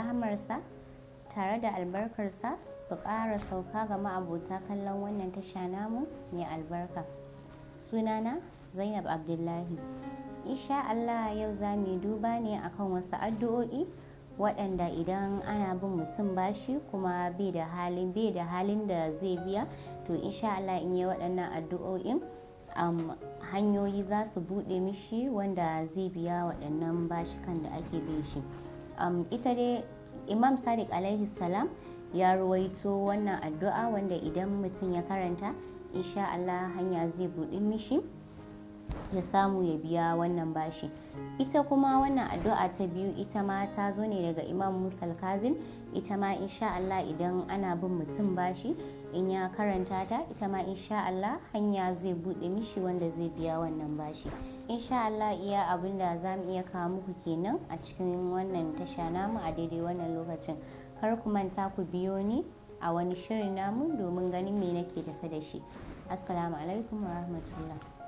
rahamarsa tare da albarkarsa su ƙara sauka ga ma'abota kallon wannan tasha namu mai albarka sunana zainab abdullahi insha allah yau za mu duba ne akan wasu addu'o'i waɗanda idan ana bin mutum bashi kuma bai da halin da zai biya to insha allah in yi waɗannan addu'o'in hanyoyi za su buɗe mishi wanda zai biya waɗannan bashikan da ake bin shi. ita dai imam sadiq alaihi salam ya ruwaito wannan addu'a wanda idan mutum ya karanta insha Allah hanya zai buɗi mishi ya samu ya biya wannan bashi ita kuma wannan addu'a ta biyu ita ma ta zo ne daga imam musal kazim ita ma insha Allah idan ana bin mutum bashi in ya karanta ta ita ma insha Allah hanya zai bude mishi wanda zai biya wannan bashi insha Allah iya abin da za mu iya kawo muku kenan a cikin wannan tasha namu a daidai wannan lokacin kar ku manta ku biyo ni a wani shirin namu domin ganin me nake tafe da shi assalamu alaikum wa rahmatullah